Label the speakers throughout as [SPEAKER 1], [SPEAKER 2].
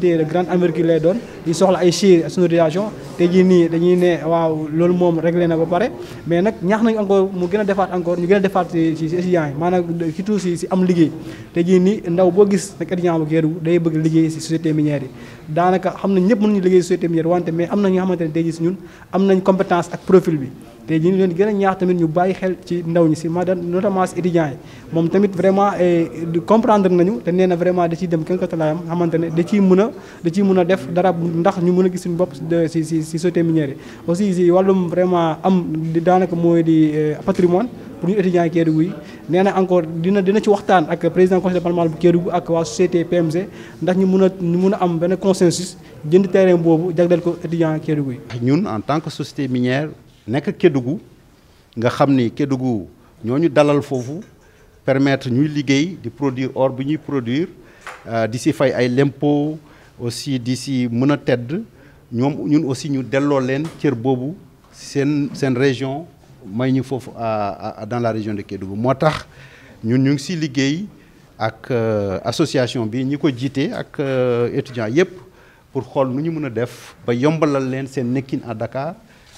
[SPEAKER 1] activité de grande envergure lay doon di soxla ay chir sonorisation te jii nii dañuy ne waaw loolu moom réglé na ba pare mais nag ñaax nañ encore mu gën a defaat encore ñu gën a defaat si si étudiants am liggéey te jii nii ndaw boo gis nag étudiant bu géeru day bëgg liggéey si société minière yi daanaka xam nañ ñëpp mën nañu liggéey si société minière wante mais am na ñoo xamante ne tey si ñun am nañ compétence ak profil bi té ñu leen gëna ñaax tamit ñu bayyi xel ci ndaw ñi ci madan notamment étudiant yi mom tamit vraiment e comprendre nañu té néna vraiment da ci dem kën ko talayam xamantene da ci mëna da ci mëna def dara ndax ñu mëna gis suñu bop ci ci ci sauté minière aussi ci walum vraiment am di danaka moy di eh, patrimoine pour ñu étudiant yi kédu néna encore dina dina ci waxtaan ak président conseil départemental bu kédu ak wa société PMZ ndax ñu mëna ñu mëna am ben consensus jënd terrain bobu jagdal ko étudiant kédu ñun en tant que société minière nek Kédougou
[SPEAKER 2] nga xamni ni Kédougou ñoo dalal fofu permettre ñuy liggéey di produire or bi ñuy produire euh, d'ici fay ay lempo aussi d'ici mëna tedd ñom ñun aussi ñu delloo leen cër bobu sen sen région may ñu foofu dans la région de Kédougou motax ñun ñu ngi si liggéey ak euh, association bi ñi ko jité ak euh, étudiants yépp pour xol nu ñu mëna def ba yombalal leen sen nekkin à Dakar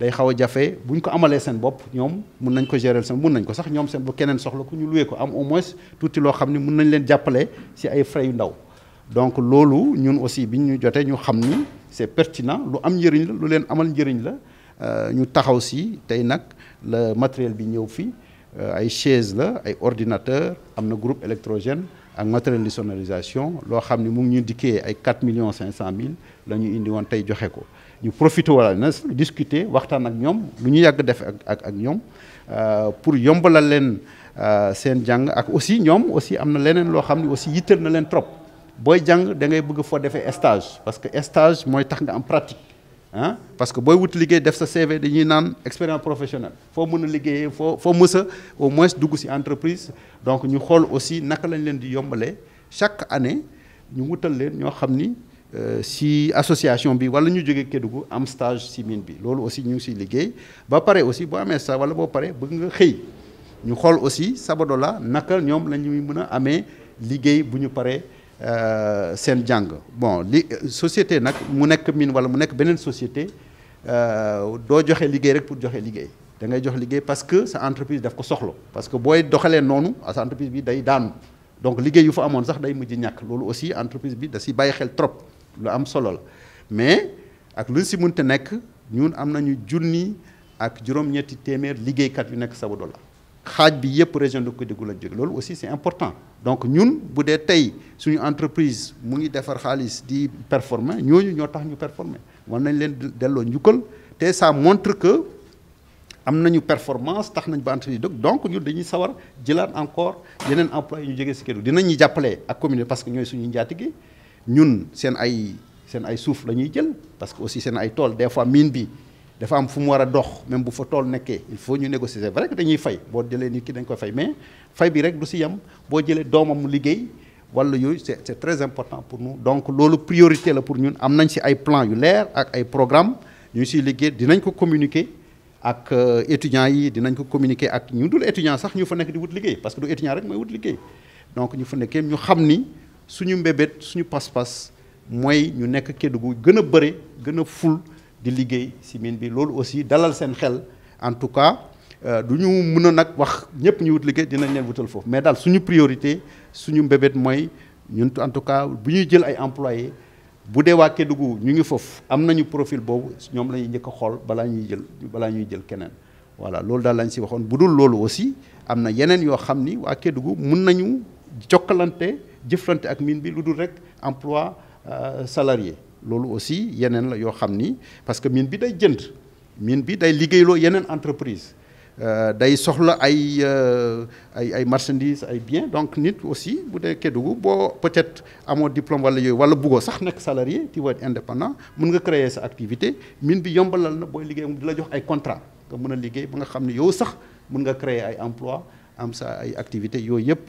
[SPEAKER 2] day xaw a jafe bu ko amalee seen bopp ñoom mun nañ ko gérer seen mun nañ ko sax ñoom seen bu keneen soxla ku ñu loué ko am au moins tuuti loo xam ne mun nañ leen jàppale si ay frais yu ndaw donc loolu ñun aussi biñ ñu jotee ñu xam ni c'est pertinent lu am njëriñ la lu leen amal njëriñ la euh, ñu taxaw si tey nag le matériel bi ñëw fi euh, ay chaise la ay ordinateur am na groupe électrogène ak matériel de sonorisation loo xam ne mu ngi ñu dikkee ay 4 millions 500 000 la ñu indi woon tey joxe ko ñu profiter wala discuter waxtaan ak ñoom lu ñu yàgg def ak ak ak ñoom euh, pour yombalal leen euh, seen jàng ak aussi ñoom aussi am na leneen loo xam ne aussi yitteel na leen trop boy jang da ngay bëgg foo defee stage parce que stage mooy tax nga am pratique hein parce que boy wut liggéey def sa CV dañuy naan expérience professionnelle foo mën a liggéeyee foo foo au moins dugg ci entreprise donc ñu xool aussi naka lañ leen di yombalee chaque année ñu wutal leen ñoo xam euh, si association bi wala ñu joggé kédugu am stage ci mine bi lolu aussi ñu ci liggéey ba paré aussi bo amé ça wala bo paré bëgg nga xey ñu xol aussi Sabadola naka ñom la ñuy mën a liggéey bu ñu euh sen jang bon li société nak mu nekk mine wala mu nekk benen société euh, do joxé liggéey rek pour joxé liggéey da ngay jox liggéey parce que sa entreprise daf ko soxlo parce que booy doxalee à sa entreprise bi day daan donc liggéey yu fa amone sax day mujj ñak lolu aussi entreprise bi da ci baye xel trop lu am solo la mais ak lu si mënta nek ñun am nañu junni ak juroom ñetti téeméer liggéeykat yu nekk Sabodala xaj bi yépp région de Kédougou la jóge lool aussi c'est important donc ñun bu dé tay suñu entreprise mu ngi défar xaalis di performer ñoñu ño tax ñu performer war nañ leen delloo njukkal té ça montre que am nañu performance tax nañ ba entreprise donc ñu dañuy sawar jëlaat encore yeneen employé ñu jógee si Kédougou ñi jappalé ak communauté parce que ñoy suñu njaatige ñun seen ay seen ay suuf la ñuy jël parce que aussi seen ay tool des fois mine bi dafa am fu mu war a dox même bu fa tool nekkee il faut ñu négocier vrai que dañuy fay boo jëlee nit ki dañ koy fay mais fay bi rek du si yem boo jëlee doomam liggéey wala yooyu c'est très important pour nous donc loolu priorité la pour ñun am nañ si ay plan yu leer ak ay programme ñu siy liggéey dinañ ko communiquer ak euh, étudiants yi dinañ ko communiquer ak ñu dul étudiant sax ñu fa nekk di wut liggéey parce que du étudiant rek mooy wut liggéey donc ñu fa nekkee ñu xam ni suñu mbébét suñu pas-pas mooy ñu nekk Kédougou gën a bëre gën a ful di liggéey si mine bi loolu aussi dalal seen xel en tout cas euh, du ñu mun a nag wax ñëpp ñu wut liggéey dinañ leen wutal foofu mais daal suñu priorité suñu mbébét mooy ñun en tout cas bu ñuy jël ay employés bu dee waa gu ñu ngi foofu am nañu profil boobu ñoom la ñuy njëkk a xool balaa ñuy jël balaa ñuy jël keneen voilà loolu daal lañ si waxoon bu dul loolu aussi am na yeneen yoo xam ni waa Kédougou mun nañu jokkalante. jëfrante ak min bi lu dul rek emploi euh, salarié loolu aussi yeneen la yo xam ni parce que min bi day jënd min bi day liggéeyloo yeneen entreprise euh, day soxla ay euh, ay ay marchandise ay bien donc nit aussi bu dee kee dugub boo peut être amoo diplôme wala yooyu wala bëggoo sax nekk salarié ti wa indépendant mun nga créé sa activité min bi yombalal na booy liggéey di la jox ay contrat nga mun a liggéey ba nga xam ne yow sax mun nga créé ay emploi am sa ay activité yooyu yëpp